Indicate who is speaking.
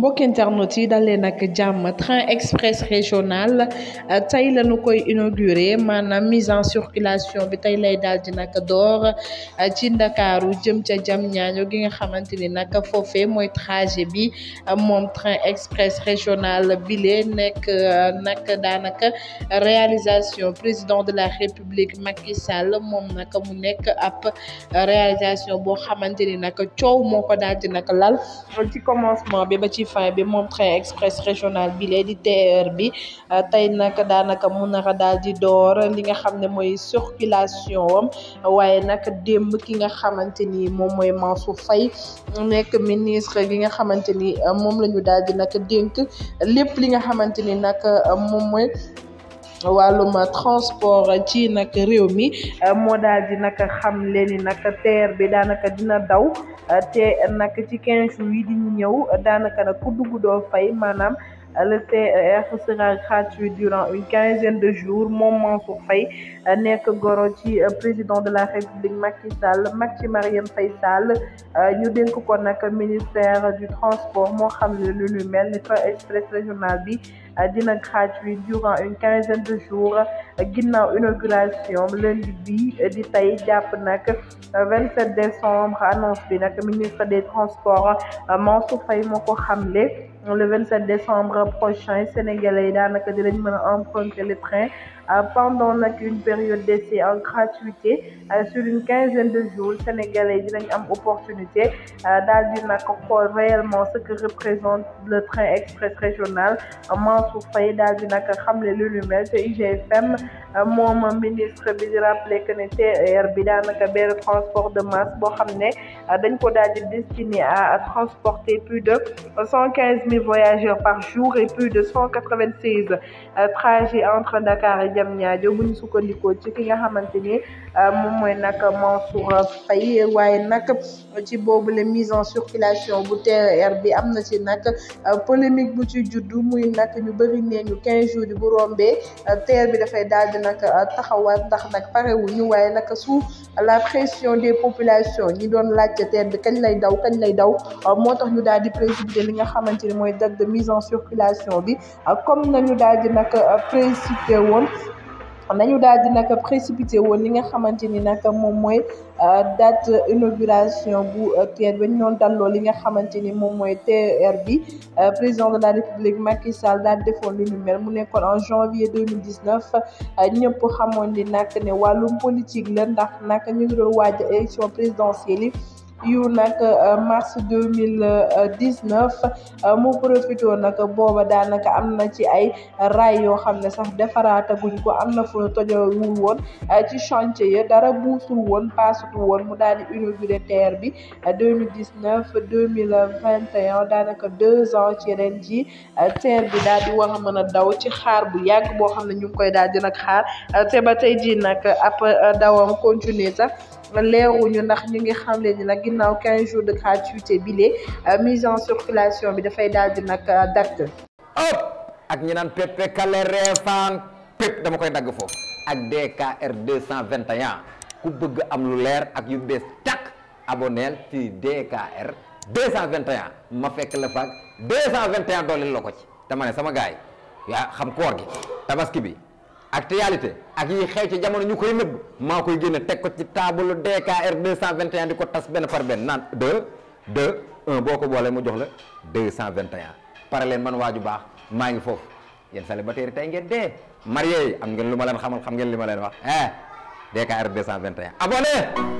Speaker 1: mbokk internet yi dalee nag jàmm train express régional euh, tey la ñu koy inauguré maanaam mise en circulation bi tey lay daal di nag door euh, ci ndakaaru jëm ca jam ñaaño gi nga xamante ni nag foofee mooy trajet bi euh, moom train express régional bile nekk nag daanaka réalisation président de la république Macky Sall moom nag mu nekk ab réalisation boo xamante ni nag coow moo ko daal di nag lal ci commencement bi ba ci fay bi moom train express régional bi lee di TER bi euh, tey nag daanaka mu nar a daal di door li nga xam ne mooy circulation am waaye nag démb ki nga xamante ni moom mooy Mansour fay nekk ministre gi nga xamante ni euh, moom la ñu daal di nag dénk lépp li nga xamante ni nag euh, moom mooy wàllum transport ci nag réew mi moo daal di nag xam leen ni nag TER bi daanaka dina daw te nag ci quinze jours yi di ñëw daanaka nag ku dugg doo fay maanaam le TER sera gratuit durant une quinzaine de moom Mansour Faye nekk goro ci président de la République Macky Sall Macky Marième ñu dénk ko nag ministère du transport moo xam ne lu ñu mel ni train express régional bi dina gratuit durant une quinzaine de jours ginnaaw inauguration lundi jàpp nag 27 décembre annonce bi nag ko xamle le 27 décembre prochain sénégalais yi daanaka dinañ mën a emprunter le train euh, pendant nag une période d'essai en gratuité euh, sur une quinzaine de jours sénégalais yi dinañ am opportunité euh, daal di nag xool réellement ce que représente le train express régional Euh, moom ministre bi di rappelé que ne TER bi daanaka benn transport de masse boo xam ne euh, dañ ko daal di destiné a transporter plus de cent quinze mille voyageurs par jour et plus de cent quatre vingt seize euh, trajets entre Dakar et Diamniadio bu ñu sukkandikoo ci ki nga xamante ni moom mooy nag Mansour Faye waaye nag ci boobu la mise en circulation bu TER bi am na ci nag polémique bu ci juddu muy nag ñu bëri nee ñu quinze jours yi bu rombee TER bi dafay daal nag euh, taxawaat ndax nag parewuñu waaye nag sous la pression des populations ñi doon laajte teer bi kañ lay daw kañ lay daw euh, moo tax ñu daal di précipité li nga xamante ni mooy date de mise en circulation bi euh, comme nañu daal di nag précipité woon nañu daal di nag précipité woon li nga xamante ni nag moom mooy euh, date inauguration bu TER euh, ba ñu doon dalloo li nga xamante ni moom mooy TER bi euh, président de la république Macky Sall daal defoon lu ñu mel mu nekkoon en janvier 2019 ñëpp xamoon ni nag ne wàllum politique la ndax nag ñu ngi doon waaj élection présidentielle yu nag euh, mars deux mille dix neuf euh, mu profité nag booba daanaka am na ci ay raay yoo xam ne sax defaraata guñ ko am na fu tojo tojowul woon euh, ci chantier ya dara buusul woon paasutu woon mu daal di inauguré terre bi deux mille dix neuf deux mille vingt daanaka deux ans ci ren ji terre bi daal di war mën a daw ci xaar bu yàgg boo xam ne ñu ngi koy daal di nag xaar te ba tey ji nag ab dawam continuer sax leeruñu ndax ñu ngi xam leen ni nag ginnaaw 15 jours de gratuité bile euh, mise en circulation bi dafay daal di nag euh, dàq.
Speaker 2: ak ñi naan pepe kale reefaan pep dama koy dagg foofu ak DKR 221 ku bëgg am lu leer ak yu bees tàkk aboneel ci DKR 221 ma fekk la faak 221 dooleel la ko ci dama ne sama gaay yaa xam koor gi tabaski bi. ak réalité ak yi xew ci jamono ñu koy nëbb maa koy génne teg ko ci table DKR 221 di ko tas benn par benn naan 2 2 1 boo ko boolee mu jox la vingt 221 par leen man waaju baax maa ngi foofu yéen célibataire tey ngeen dee marié yi am ngeen lu ma leen xamal xam ngeen li ma leen wax eh DKR 221 abonné